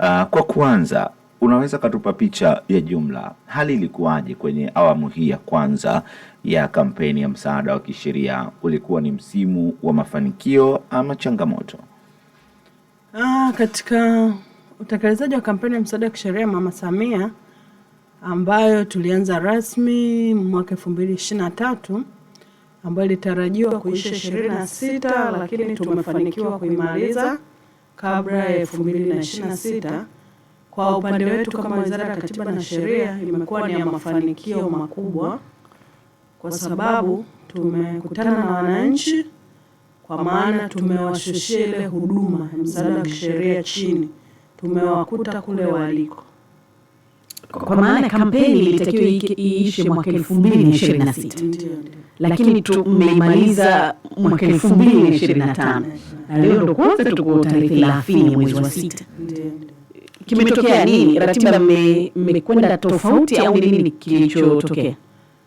Uh, kwa kwanza unaweza katupa picha ya jumla, hali ilikuwaje kwenye awamu hii ya kwanza ya kampeni ya msaada wa kisheria? Ulikuwa ni msimu wa mafanikio ama changamoto? Ah, katika utekelezaji wa kampeni ya msaada wa kisheria Mama Samia ambayo tulianza rasmi mwaka elfu mbili ishirini na tatu ambayo ilitarajiwa kuisha ishirini na sita lakini tumefanikiwa kuimaliza kabla ya 2026. Kwa upande wetu kama Wizara ya Katiba na Sheria imekuwa ni ya mafanikio makubwa, kwa sababu tumekutana na wananchi, kwa maana tumewashushia ile huduma msaada wa kisheria chini, tumewakuta kule waliko kwa maana kampeni ilitakiwa iishe mwaka sita lakini tumeimaliza mwaka elfu mbili na na na tano leo ndo kwanza tuko tarehe 30 mwezi wa sita. Kimetokea nini? Ratiba mmekwenda tofauti au ni nini kilichotokea?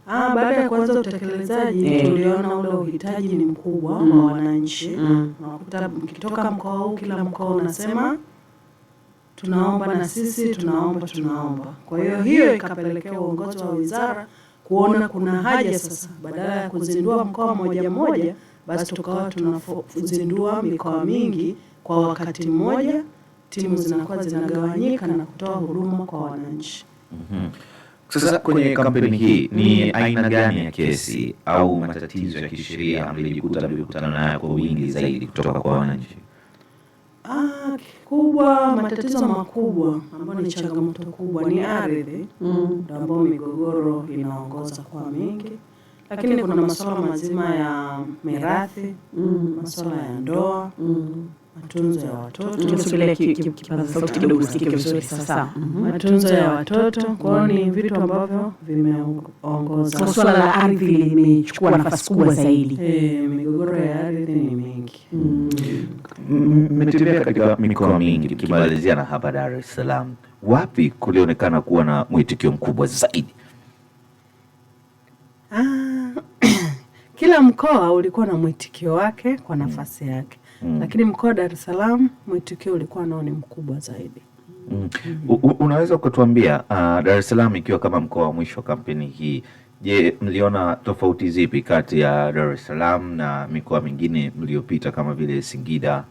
Ah, baada ya kuanza utekelezaji yeah, tuliona ule uhitaji ni mkubwa wa mm, wananchi mm, nakuta mkitoka mkoa huu kila mkoa unasema tunaomba na sisi tunaomba tunaomba. Kwa hiyo hiyo ikapelekea uongozi wa wizara kuona kuna haja sasa, badala ya kuzindua mkoa mmoja mmoja, basi tukawa tunazindua mikoa mingi kwa wakati mmoja, timu zinakuwa zinagawanyika na kutoa huduma kwa wananchi. mm -hmm. Sasa kwenye kampeni hii ni aina gani ya kesi au matatizo ya kisheria mlijikuta mlikutana nayo kwa wingi zaidi kutoka kwa wananchi? Ah, kikubwa matatizo makubwa ambayo ni changamoto kubwa ni ardhi mm. ambayo migogoro inaongoza kwa mingi, lakini kuna masuala mazima ya mirathi mm. masuala ya ndoa mm. matunzo ya watoto mm. mm-hmm. Mm-hmm. matunzo ya watoto kwao ni vitu ambavyo vimeongoza. swala la ardhi limechukua nafasi kubwa zaidi. Eh, migogoro ya ardhi ni mingi mm mmetembea katika mikoa mingi, tukimalizia na hapa Dar es Salaam, wapi kulionekana kuwa na mwitikio mkubwa zaidi? Ah, kila mkoa ulikuwa na mwitikio wake kwa nafasi yake mm. Lakini mkoa wa Dar es Salaam mwitikio ulikuwa nao ni mkubwa zaidi. Mm. Mm. Unaweza ukatuambia uh, ah, Dar es Salaam ikiwa kama mkoa wa mwisho wa kampeni hii Je, mliona tofauti zipi kati ya Dar es Salaam na mikoa mingine mliyopita kama vile Singida,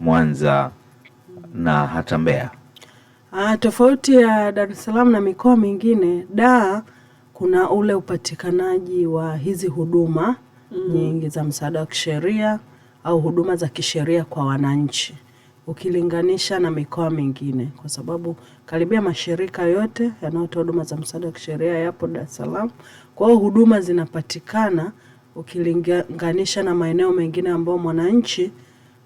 Mwanza na hata Mbeya? Ah, tofauti ya Dar es Salaam na mikoa mingine, da kuna ule upatikanaji wa hizi huduma mm, nyingi za msaada wa kisheria au huduma za kisheria kwa wananchi ukilinganisha na mikoa mingine, kwa sababu karibia mashirika yote yanayotoa huduma za msaada wa kisheria yapo Dar es Salaam. Kwa hiyo huduma zinapatikana ukilinganisha na maeneo mengine ambayo mwananchi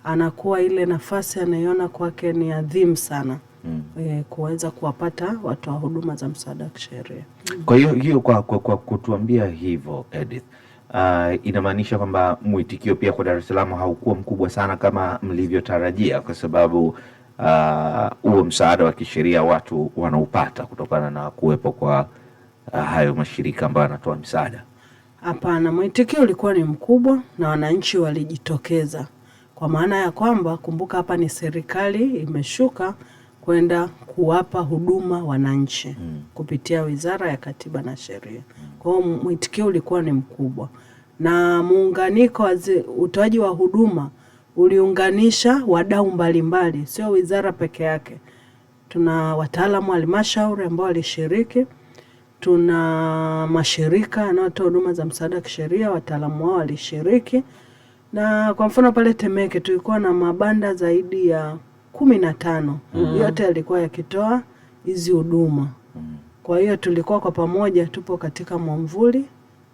anakuwa ile nafasi anaiona kwake ni adhimu sana mm. E, kuweza kuwapata watoa huduma za msaada wa kisheria. Kwa hiyo hiyo kwa, kwa, kwa kutuambia hivyo Edith uh, inamaanisha kwamba mwitikio pia kwa Dar es Salaam haukuwa mkubwa sana kama mlivyotarajia, kwa sababu uh, huo uh, msaada wa kisheria watu wanaupata kutokana na kuwepo kwa uh, hayo mashirika ambayo yanatoa msaada? Hapana, mwitikio ulikuwa ni mkubwa na wananchi walijitokeza, kwa maana ya kwamba kumbuka, hapa ni serikali imeshuka kwenda kuwapa huduma wananchi hmm. kupitia Wizara ya Katiba na Sheria hmm. Kwa hiyo mwitikio ulikuwa ni mkubwa, na muunganiko wa utoaji wa huduma uliunganisha wadau mbalimbali, sio wizara peke yake. Tuna wataalamu wa halmashauri ambao walishiriki, tuna mashirika yanayotoa huduma za msaada wa kisheria, wataalamu wao walishiriki, na kwa mfano pale Temeke tulikuwa na mabanda zaidi ya kumi na tano mm. yote yalikuwa yakitoa hizi huduma mm-hmm. Kwa hiyo tulikuwa kwa pamoja tupo katika mwamvuli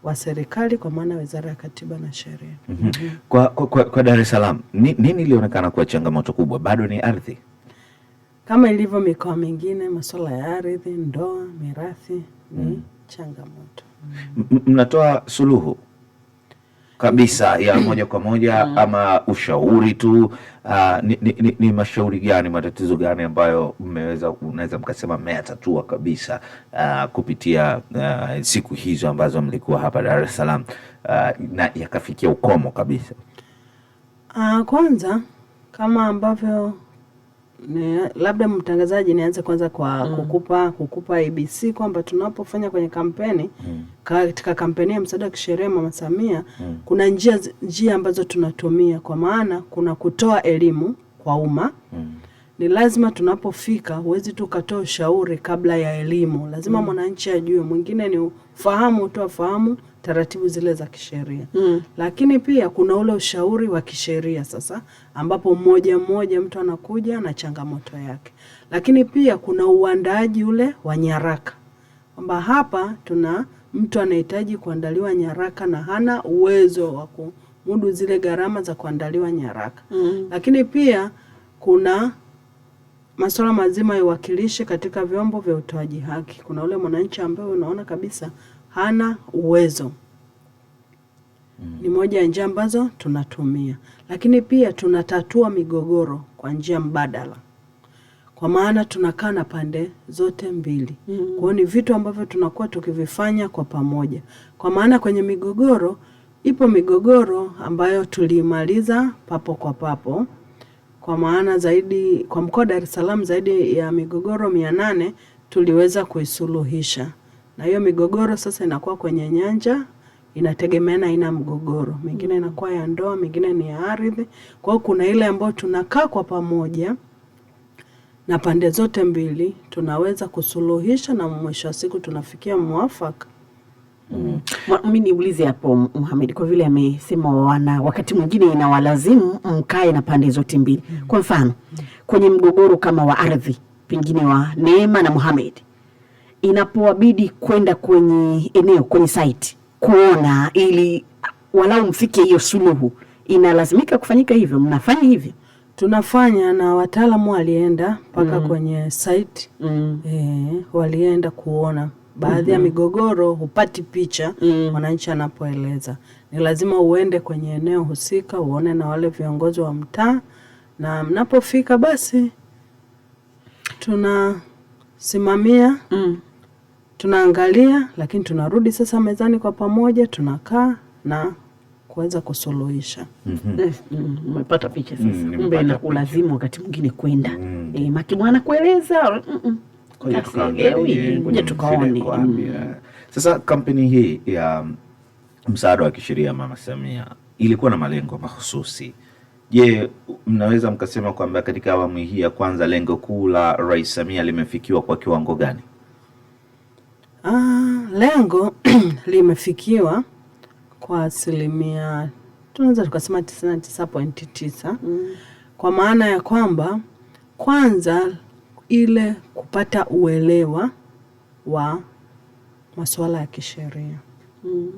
wa serikali kwa maana Wizara ya Katiba na Sheria. mm -hmm. Kwa, kwa, kwa Dar es Salaam ni, nini ilionekana kuwa changamoto kubwa? Bado ni ardhi kama ilivyo mikoa mingine, masuala ya ardhi, ndoa, mirathi ni mm. changamoto. mnatoa suluhu kabisa ya moja kwa moja mm. ama ushauri tu? Uh, ni, ni, ni mashauri gani, matatizo gani ambayo mmeweza unaweza mkasema mmeyatatua kabisa uh, kupitia uh, siku hizo ambazo mlikuwa hapa Dar es Salaam uh, na yakafikia ukomo kabisa? Uh, kwanza kama ambavyo ni, labda mtangazaji, nianze kwanza kwa mm. kukupa kukupa ABC kwamba tunapofanya kwenye kampeni mm. katika kampeni ya msaada wa kisheria Mama Samia mm. kuna njia njia ambazo tunatumia kwa maana kuna kutoa elimu kwa umma mm ni lazima tunapofika, huwezi tu ukatoa ushauri kabla ya elimu, lazima mm. mwananchi mm. ajue. Mwingine ni ufahamu tu, afahamu taratibu zile za kisheria mm. Lakini pia kuna ule ushauri wa kisheria sasa, ambapo mmoja mmoja mtu anakuja na changamoto yake, lakini pia kuna uandaaji ule wa nyaraka, kwamba hapa tuna mtu anahitaji kuandaliwa nyaraka na hana uwezo wa kumudu zile gharama za kuandaliwa nyaraka mm. Lakini pia kuna masuala mazima ya uwakilishi katika vyombo vya utoaji haki. Kuna ule mwananchi ambaye unaona kabisa hana uwezo mm. Ni moja ya njia ambazo tunatumia, lakini pia tunatatua migogoro kwa njia mbadala, kwa maana tunakaa na pande zote mbili mm. Kwa hiyo ni vitu ambavyo tunakuwa tukivifanya kwa pamoja, kwa maana kwenye migogoro ipo migogoro ambayo tulimaliza papo kwa papo kwa maana zaidi kwa mkoa Dar es Salaam zaidi ya migogoro mia nane tuliweza kuisuluhisha, na hiyo migogoro sasa inakuwa kwenye nyanja inategemeana aina mgogoro, mingine inakuwa ya ndoa, mingine ni ya ardhi. Kwa hiyo kuna ile ambayo tunakaa kwa pamoja na pande zote mbili tunaweza kusuluhisha, na mwisho wa siku tunafikia mwafaka. Mm. Mi niulize hapo Muhammad, kwa vile amesema wana wakati mwingine inawalazimu mkae na pande zote mbili. Mm. Kwa mfano kwenye mgogoro kama wa ardhi pengine wa Neema na Muhammad, inapowabidi kwenda kwenye eneo kwenye site kuona ili walau mfike hiyo suluhu, inalazimika kufanyika hivyo. Mnafanya hivyo? Tunafanya, na wataalamu walienda mpaka mm. kwenye site mm. E, walienda kuona baadhi ya mhm. migogoro hupati picha mm. mwananchi anapoeleza. Ni lazima uende kwenye eneo husika, uone na wale viongozi wa mtaa, na mnapofika basi tunasimamia mm. tunaangalia, lakini tunarudi sasa mezani kwa pamoja, tunakaa na kuweza kusuluhisha. Mm-hmm. Eh, mm, umepata picha sasa, mm, kumbe inakulazimu wakati mwingine kwenda mm. E, eh, makibwana kueleza mm -mm tukaone. Sasa kampeni hii ya msaada wa kisheria Mama Samia ilikuwa na malengo mahususi. Je, mnaweza mkasema kwamba katika awamu hii ya kwanza lengo kuu la Rais Samia limefikiwa kwa kiwango gani? Uh, lengo limefikiwa kwa asilimia tunaweza tukasema 99.9 mm. Kwa maana ya kwamba kwanza ile kupata uelewa wa masuala ya kisheria mm.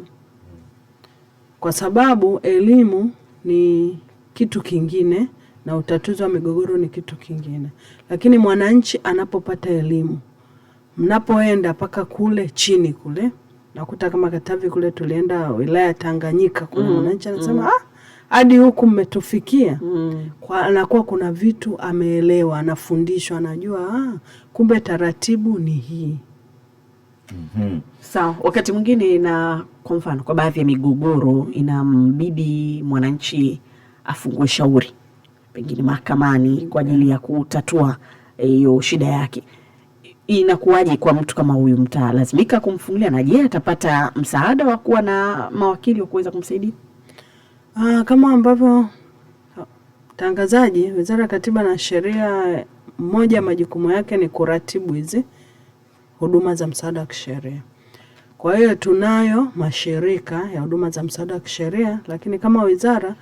Kwa sababu elimu ni kitu kingine na utatuzi wa migogoro ni kitu kingine, lakini mwananchi anapopata elimu, mnapoenda mpaka kule chini kule, nakuta kama Katavi kule tulienda wilaya Tanganyika, kuna mm-hmm. mwananchi mm. anasema mm. ah hadi huku mmetufikia mm. anakuwa kuna vitu ameelewa, anafundishwa, anajua ah, kumbe taratibu ni hii mm -hmm. Sawa. Wakati mwingine ina kwa mfano, kwa baadhi ya migogoro inambidi mwananchi afungue shauri pengine mahakamani kwa ajili ya kutatua eh, hiyo shida yake. Inakuwaje kwa mtu kama huyu? Mtalazimika kumfungulia? Na je, atapata msaada wa kuwa na mawakili wa kuweza kumsaidia? Aa, ah, kama ambavyo uh, mtangazaji, Wizara ya Katiba na Sheria, moja ya majukumu yake ni kuratibu hizi huduma za msaada wa kisheria. Kwa hiyo tunayo mashirika ya huduma za msaada wa kisheria, lakini kama wizara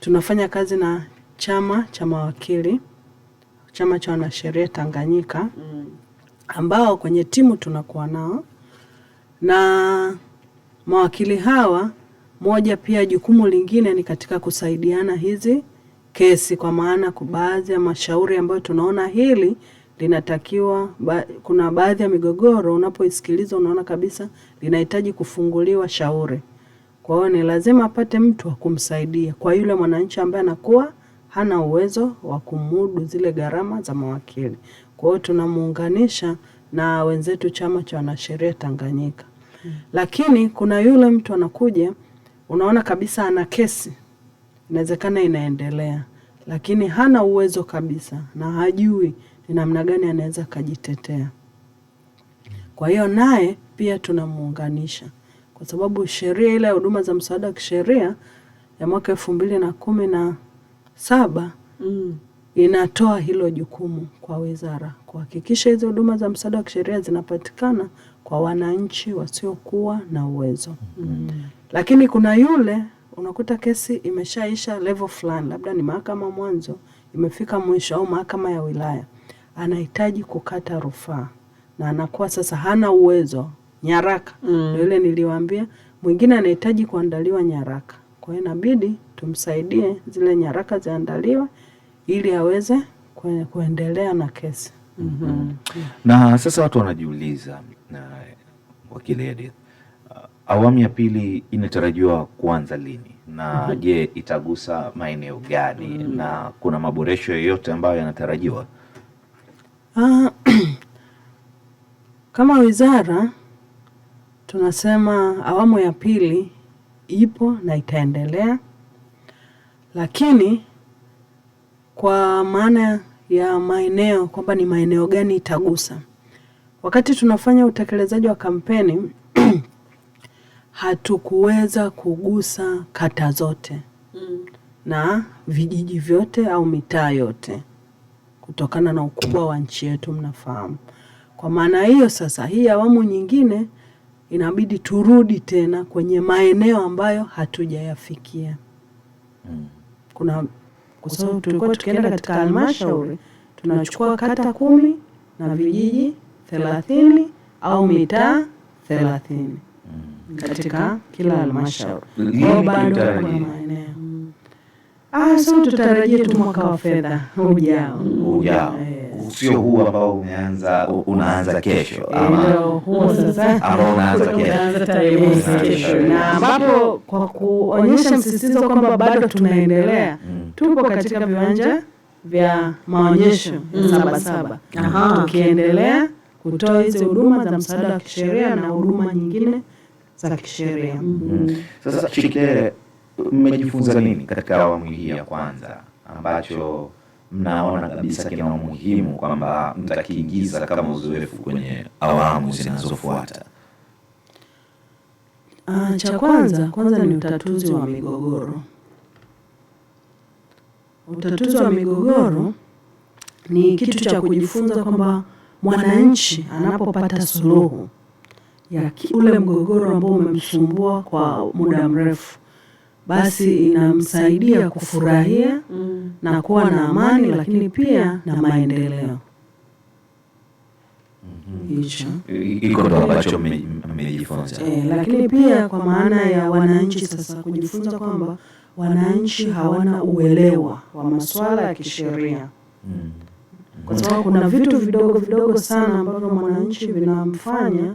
tunafanya kazi na chama cha mawakili, chama cha wanasheria Tanganyika, mm. ambao kwenye timu tunakuwa nao na mawakili hawa moja pia jukumu lingine ni katika kusaidiana hizi kesi, kwa maana baadhi ya mashauri ambayo tunaona hili linatakiwa ba, kuna baadhi ya migogoro unapoisikiliza unaona kabisa linahitaji kufunguliwa shauri. Kwa hiyo ni lazima apate mtu wa kumsaidia kwa yule mwananchi ambaye anakuwa hana uwezo wa kumudu zile gharama za mawakili. Kwa hiyo tunamuunganisha na wenzetu chama cha wanasheria Tanganyika. Hmm. Lakini kuna yule mtu anakuja unaona kabisa ana kesi, inawezekana inaendelea, lakini hana uwezo kabisa na hajui ni namna gani anaweza akajitetea. Kwa hiyo naye pia tunamuunganisha kwa sababu sheria ile ya huduma za msaada wa kisheria ya mwaka elfu mbili na kumi na saba mm. inatoa hilo jukumu kwa wizara kuhakikisha hizo huduma za msaada wa kisheria zinapatikana kwa wananchi wasiokuwa na uwezo mm. Lakini kuna yule unakuta kesi imeshaisha level fulani, labda ni mahakama mwanzo imefika mwisho au mahakama ya wilaya, anahitaji kukata rufaa na anakuwa sasa hana uwezo nyaraka mm. Ndio ile niliwaambia, mwingine anahitaji kuandaliwa nyaraka, kwa hiyo inabidi tumsaidie zile nyaraka ziandaliwe ili aweze kuendelea na kesi mm -hmm. Mm -hmm. Na sasa watu wanajiuliza na uh, Awamu ya pili inatarajiwa kuanza lini na mm -hmm. Je, itagusa maeneo gani mm -hmm. na kuna maboresho yoyote ambayo yanatarajiwa? Uh, kama wizara tunasema awamu ya pili ipo na itaendelea, lakini kwa maana ya maeneo kwamba ni maeneo gani itagusa Wakati tunafanya utekelezaji wa kampeni hatukuweza kugusa kata zote mm. na vijiji vyote au mitaa yote kutokana na ukubwa wa nchi yetu, mnafahamu. Kwa maana hiyo, sasa hii awamu nyingine inabidi turudi tena kwenye maeneo ambayo hatujayafikia mm. kuna kwa sababu tulikuwa tukienda katika halmashauri tunachukua kata kumi na vijiji thelathini au mitaa thelathini mm. katika kila halmashauri kwao bado kuna maeneo Ah, so tutarajie tu mwaka wa fedha ujao ujao sio huu ambao umeanza unaanza kesho eh, sasa ambao unaanza kesho, na ambapo kwa kuonyesha msisitizo kwamba bado tunaendelea mm. tupo katika viwanja vya maonyesho mm. Sabasaba tukiendelea kutoa hizi huduma za msaada wa kisheria na huduma nyingine za kisheria. mm -hmm. Sasa Chikilele, mmejifunza nini katika awamu hii ya kwanza ambacho mnaona kabisa kina umuhimu kwamba mtakiingiza kama uzoefu kwenye awamu zinazofuata? Ah, cha kwanza kwanza ni utatuzi wa migogoro. Utatuzi wa migogoro ni kitu cha kujifunza kwamba mwananchi anapopata suluhu ya ule mgogoro ambao umemsumbua kwa muda mrefu, basi inamsaidia kufurahia mm. na kuwa na amani, lakini pia na maendeleo hicho mm-hmm. iko ndo ambacho mmejifunza eh, lakini pia kwa maana ya wananchi sasa kujifunza kwamba wananchi hawana uelewa wa masuala ya kisheria mm kwa sababu kuna vitu vidogo vidogo sana ambavyo mwananchi vinamfanya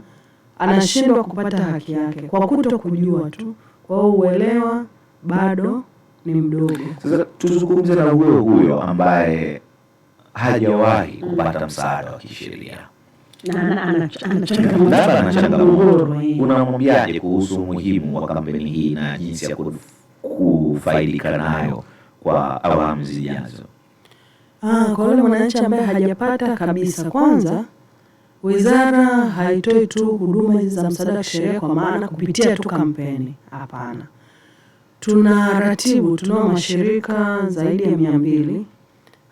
anashindwa kupata haki yake kwa kuto kujua tu. Kwa hiyo uelewa bado ni mdogo. Sasa tuzungumze na huyo huyo ambaye hajawahi kupata msaada wa kisheria unamwambiaje kuhusu umuhimu wa kampeni hii na jinsi ya kufaidika nayo kwa awamu zijazo? Ah, kwa yule mwananchi ambaye hajapata kabisa, kwanza wizara haitoi tu huduma hizi za msaada wa kisheria kwa maana kupitia tu kampeni, hapana. Tuna ratibu, tunao mashirika zaidi ya mia mbili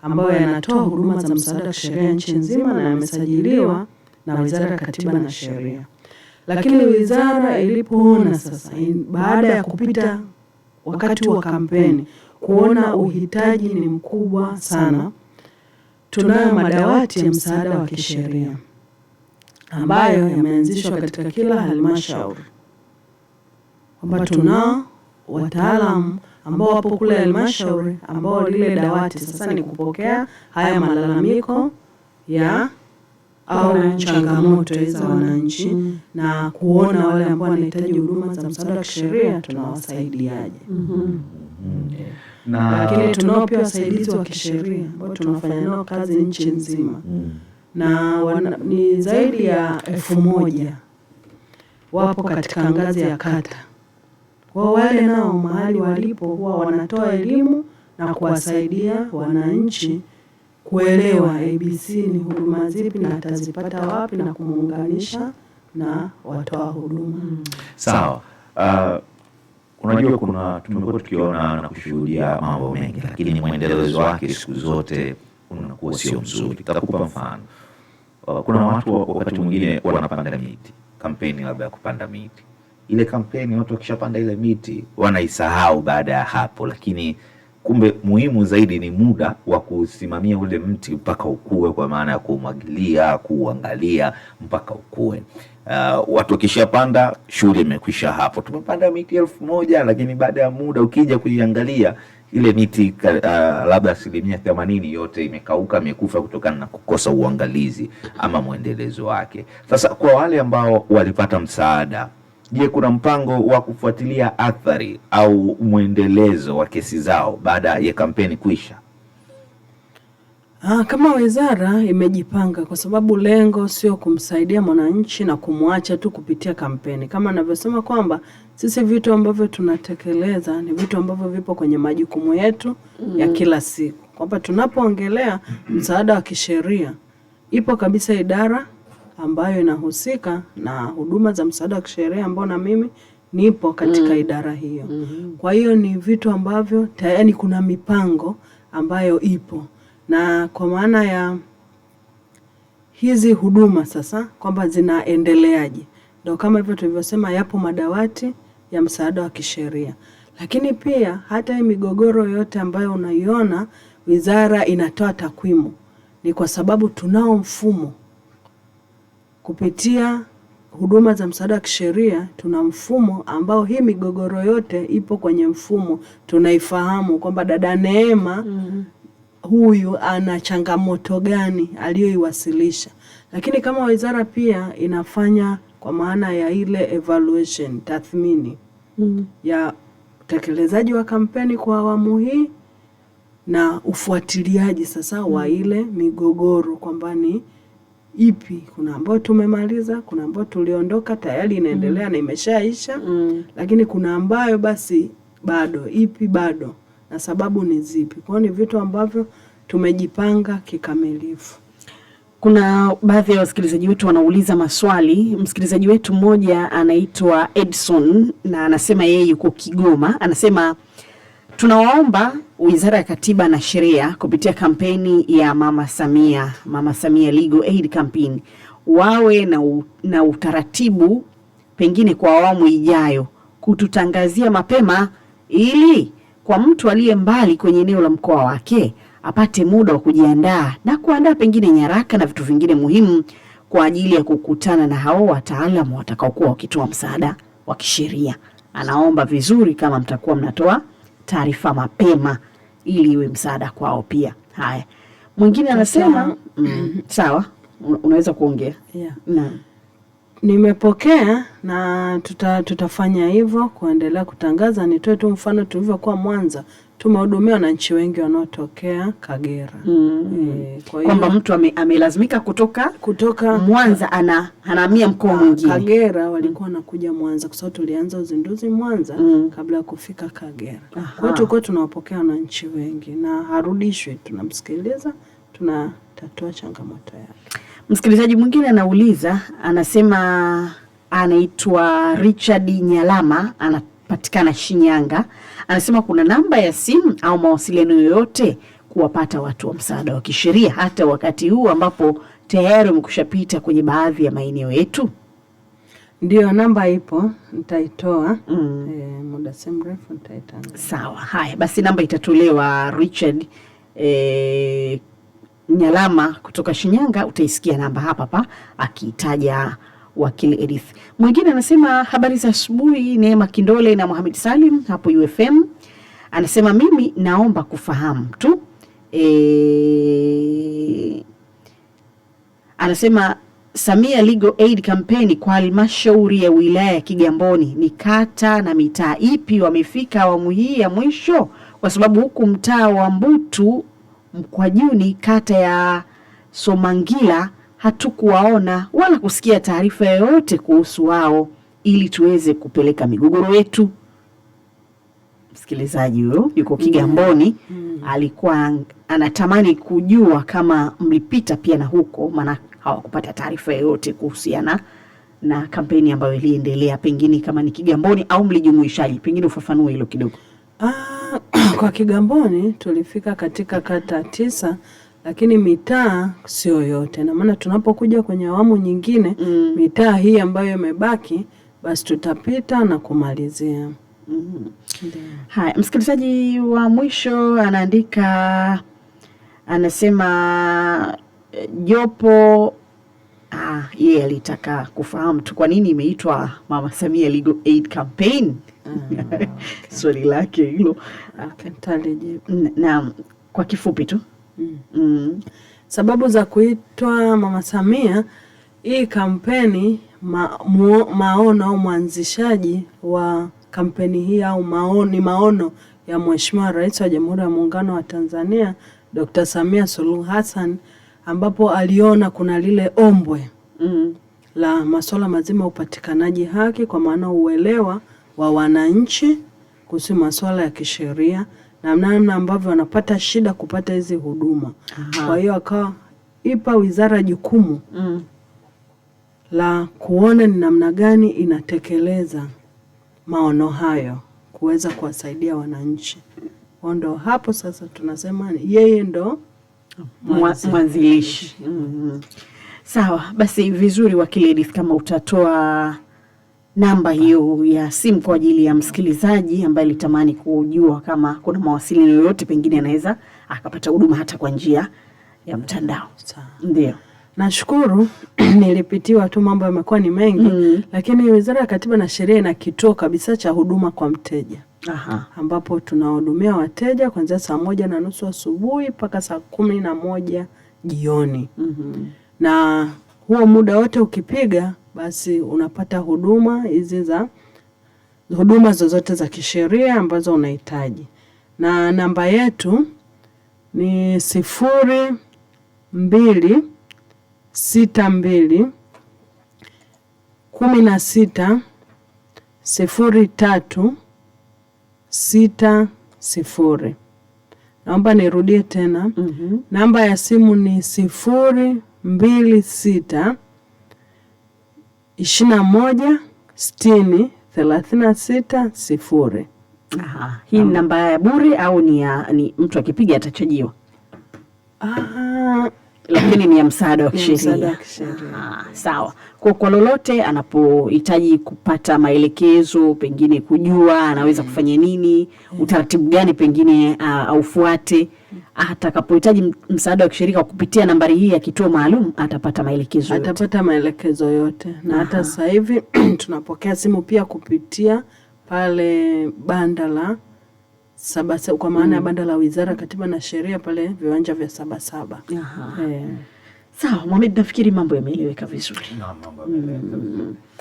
ambayo yanatoa huduma za msaada wa kisheria nchi nzima na yamesajiliwa na Wizara ya Katiba na Sheria. Lakini wizara ilipoona sasa in, baada ya kupita wakati wa kampeni kuona uhitaji ni mkubwa sana tunayo madawati ya msaada wa kisheria ambayo yameanzishwa katika kila halmashauri, kwamba tunao wataalamu ambao wapo kule halmashauri ambao lile dawati sasa ni kupokea haya malalamiko ya au changamoto za wananchi mm. na kuona wale ambao wanahitaji huduma za msaada wa kisheria tunawasaidiaje? mm -hmm. mm -hmm lakini pia wasaidizi wa kisheria ambao tunafanya nao kazi nchi nzima mm. na wana, ni zaidi ya elfu moja wapo katika ngazi ya kata. Kwa wale nao mahali walipo huwa wanatoa elimu na kuwasaidia wananchi kuelewa ABC ni huduma zipi na atazipata wapi na kumuunganisha na watoa huduma mm. sawa so, uh, Unajua, kuna tumekuwa tukiona na kushuhudia mambo mengi, lakini mwendelezo wake siku zote unakuwa sio mzuri. Nitakupa mfano. Uh, kuna watu wakati mwingine wanapanda miti, kampeni labda ya kupanda miti. Ile kampeni watu wakishapanda ile miti wanaisahau baada ya hapo, lakini Kumbe muhimu zaidi ni muda wa kusimamia ule mti mpaka ukue, kwa maana ya kumwagilia kuuangalia mpaka ukue. Uh, watu wakishapanda shule imekwisha hapo. Tumepanda miti elfu moja lakini baada ya muda ukija kuiangalia ile miti uh, labda asilimia themanini yote imekauka, imekufa kutokana na kukosa uangalizi ama mwendelezo wake. Sasa kwa wale ambao walipata msaada Je, kuna mpango wa kufuatilia athari au mwendelezo wa kesi zao baada ya kampeni kuisha? Aa, ah, kama wizara imejipanga kwa sababu lengo sio kumsaidia mwananchi na kumwacha tu kupitia kampeni. Kama anavyosema kwamba sisi vitu ambavyo tunatekeleza ni vitu ambavyo vipo kwenye majukumu yetu mm. ya kila siku, kwamba tunapoongelea msaada wa kisheria ipo kabisa idara ambayo inahusika na huduma za msaada wa kisheria ambao na mimi nipo katika mm. idara hiyo mm -hmm. Kwa hiyo ni vitu ambavyo tayari kuna mipango ambayo ipo na kwa maana ya hizi huduma sasa kwamba zinaendeleaje, ndio kama hivyo tulivyosema, yapo madawati ya msaada wa kisheria, lakini pia hata hii migogoro yote ambayo unaiona wizara inatoa takwimu ni kwa sababu tunao mfumo Kupitia huduma za msaada wa kisheria tuna mfumo ambao hii migogoro yote ipo kwenye mfumo, tunaifahamu kwamba dada Neema mm -hmm. huyu ana changamoto gani aliyoiwasilisha, lakini kama wizara pia inafanya kwa maana ya ile evaluation tathmini mm -hmm. ya utekelezaji wa kampeni kwa awamu hii na ufuatiliaji sasa wa mm-hmm. ile migogoro kwamba ni ipi. Kuna ambayo tumemaliza, kuna ambayo tuliondoka tayari inaendelea mm. na imeshaisha mm. lakini kuna ambayo basi bado, ipi bado, na sababu ni zipi. Kwa ni vitu ambavyo tumejipanga kikamilifu. Kuna baadhi ya wasikilizaji wetu wanauliza maswali. Msikilizaji wetu mmoja anaitwa Edson na anasema yeye yuko Kigoma, anasema Tunawaomba Wizara ya Katiba na Sheria kupitia kampeni ya Mama Samia, Mama Samia Legal Aid Campaign wawe na, u, na utaratibu pengine kwa awamu ijayo kututangazia mapema ili kwa mtu aliye mbali kwenye eneo la mkoa wake apate muda wa kujiandaa na kuandaa pengine nyaraka na vitu vingine muhimu kwa ajili ya kukutana na hao wataalamu watakaokuwa wakitoa msaada wa kisheria. Anaomba vizuri kama mtakuwa mnatoa taarifa mapema ili iwe msaada kwao pia. Haya, mwingine anasema mm, mm. sawa, unaweza kuongea yeah. na nimepokea na tuta, tutafanya hivyo kuendelea kutangaza. Nitoe tu mfano tulivyokuwa Mwanza, tumehudumia wananchi wengi wanaotokea Kagera mm. E, kwa kwamba mtu ame, amelazimika kutoka kutoka Mwanza ana anahamia mkoa mwingine. Kagera walikuwa mm. wanakuja Mwanza kwa sababu tulianza uzinduzi Mwanza mm. kabla ya kufika Kagera. Kwa hiyo tulikuwa tunawapokea wananchi wengi na harudishwi, tunamsikiliza, tunatatua changamoto yake. Msikilizaji mwingine anauliza, anasema anaitwa Richard Nyalama ana anapatikana Shinyanga, anasema kuna namba ya simu au mawasiliano yoyote kuwapata watu wa msaada wa kisheria hata wakati huu ambapo tayari umekushapita kwenye baadhi ya maeneo yetu? Ndiyo, namba ipo, nitaitoa mm. E, muda si mrefu nitaitangaza. Sawa, haya basi, namba itatolewa. Richard e, Nyalama kutoka Shinyanga, utaisikia namba hapa hapa akiitaja wakili Edith. Mwingine anasema habari za asubuhi, Neema Kindole na Mohamed Salim hapo UFM. Anasema mimi naomba kufahamu tu e... anasema Samia Legal Aid Campaign kwa halmashauri ya wilaya ya Kigamboni ni kata na mitaa ipi wamefika awamu hii ya mwisho? Kwa sababu huku mtaa wa Mbutu Mkwajuni, kata ya Somangila hatukuwaona wala kusikia taarifa yoyote kuhusu wao ili tuweze kupeleka migogoro yetu. Msikilizaji huyo yuko Kigamboni, mm. alikuwa anatamani kujua kama mlipita pia na huko, maana hawakupata taarifa yoyote kuhusiana na kampeni ambayo iliendelea, pengine kama ni Kigamboni au mlijumuishaji, pengine ufafanue hilo kidogo. Ah, kwa Kigamboni tulifika katika kata tisa lakini mitaa sio yote, na maana tunapokuja kwenye awamu nyingine mm. mitaa hii ambayo imebaki basi tutapita na kumalizia. mm. Haya, msikilizaji wa mwisho anaandika, anasema jopo ah, yeye alitaka kufahamu tu kwa nini imeitwa Mama Samia Legal Aid Campaign. Ah, Swali lake hilo, ah, naam, kwa kifupi tu mm. Mm. Sababu za kuitwa Mama Samia, hii kampeni ma, muo, maono au mwanzishaji wa kampeni hii au maoni maono ya Mheshimiwa Rais wa Jamhuri ya Muungano wa Tanzania Dr. Samia Suluhu Hassan ambapo aliona kuna lile ombwe mm. la masuala mazima ya upatikanaji haki kwa maana uelewa wa wananchi kuhusu masuala ya kisheria na namna ambavyo wanapata shida kupata hizi huduma. Kwa hiyo akawa ipa wizara jukumu mm. la kuona ni namna gani inatekeleza maono hayo kuweza kuwasaidia wananchi. Ndo hapo sasa tunasema yeye ndo mwanzilishi. Mm-hmm. Sawa, basi vizuri, wakili Edith, kama utatoa namba hiyo ya simu kwa ajili ya msikilizaji ambaye alitamani kujua kama kuna mawasiliano yoyote, pengine anaweza akapata huduma hata kwa njia ya mtandao. Ndio. Nashukuru nilipitiwa tu, mambo yamekuwa ni mengi mm. Lakini Wizara ya Katiba na Sheria ina kituo kabisa cha huduma kwa mteja Aha. ambapo tunahudumia wateja kuanzia saa moja na nusu asubuhi mpaka saa kumi na moja jioni mm -hmm. na huo muda wote ukipiga basi unapata huduma hizi za huduma zozote za kisheria ambazo unahitaji, na namba yetu ni sifuri mbili sita mbili kumi na sita sifuri tatu sita sifuri. Naomba nirudie tena. mm -hmm. Namba ya simu ni sifuri mbili sita ishirini na moja sitini thelathini na sita sifuri. Aha, hii ni namba ya bure au ni, ya, ni mtu akipiga atachajiwa? Lakini ni ya msaada wa kisheria. Sawa. Kwa kwa lolote anapohitaji kupata maelekezo, pengine kujua anaweza mm. kufanya nini, mm. utaratibu gani pengine aufuate Ah, atakapohitaji msaada wa kishirika kupitia nambari hii ya kituo maalum atapata maelekezo yote, atapata maelekezo yote. Na hata sasa hivi tunapokea simu pia kupitia pale banda la Sabasaba, kwa maana mm. ya mm. banda la Wizara Katiba na Sheria pale viwanja vya Sabasaba. Aha. Yeah. Sawa Mohamed, nafikiri mambo yameeleweka vizuri.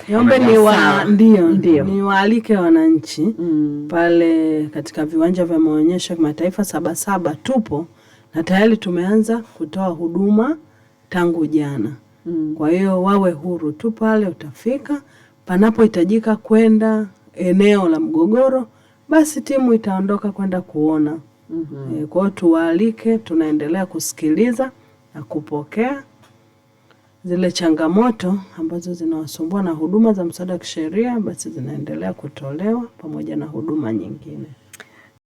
Niombe mm. ndio niwaalike wananchi mm, pale katika viwanja vya maonyesho ya kimataifa Sabasaba tupo na tayari tumeanza kutoa huduma tangu jana mm. Kwa hiyo wawe huru tu pale, utafika panapohitajika kwenda eneo la mgogoro, basi timu itaondoka kwenda kuona mm -hmm. E, kwa hiyo tuwaalike, tunaendelea kusikiliza ya kupokea zile changamoto ambazo zinawasumbua na huduma za msaada wa kisheria basi zinaendelea kutolewa pamoja na huduma nyingine.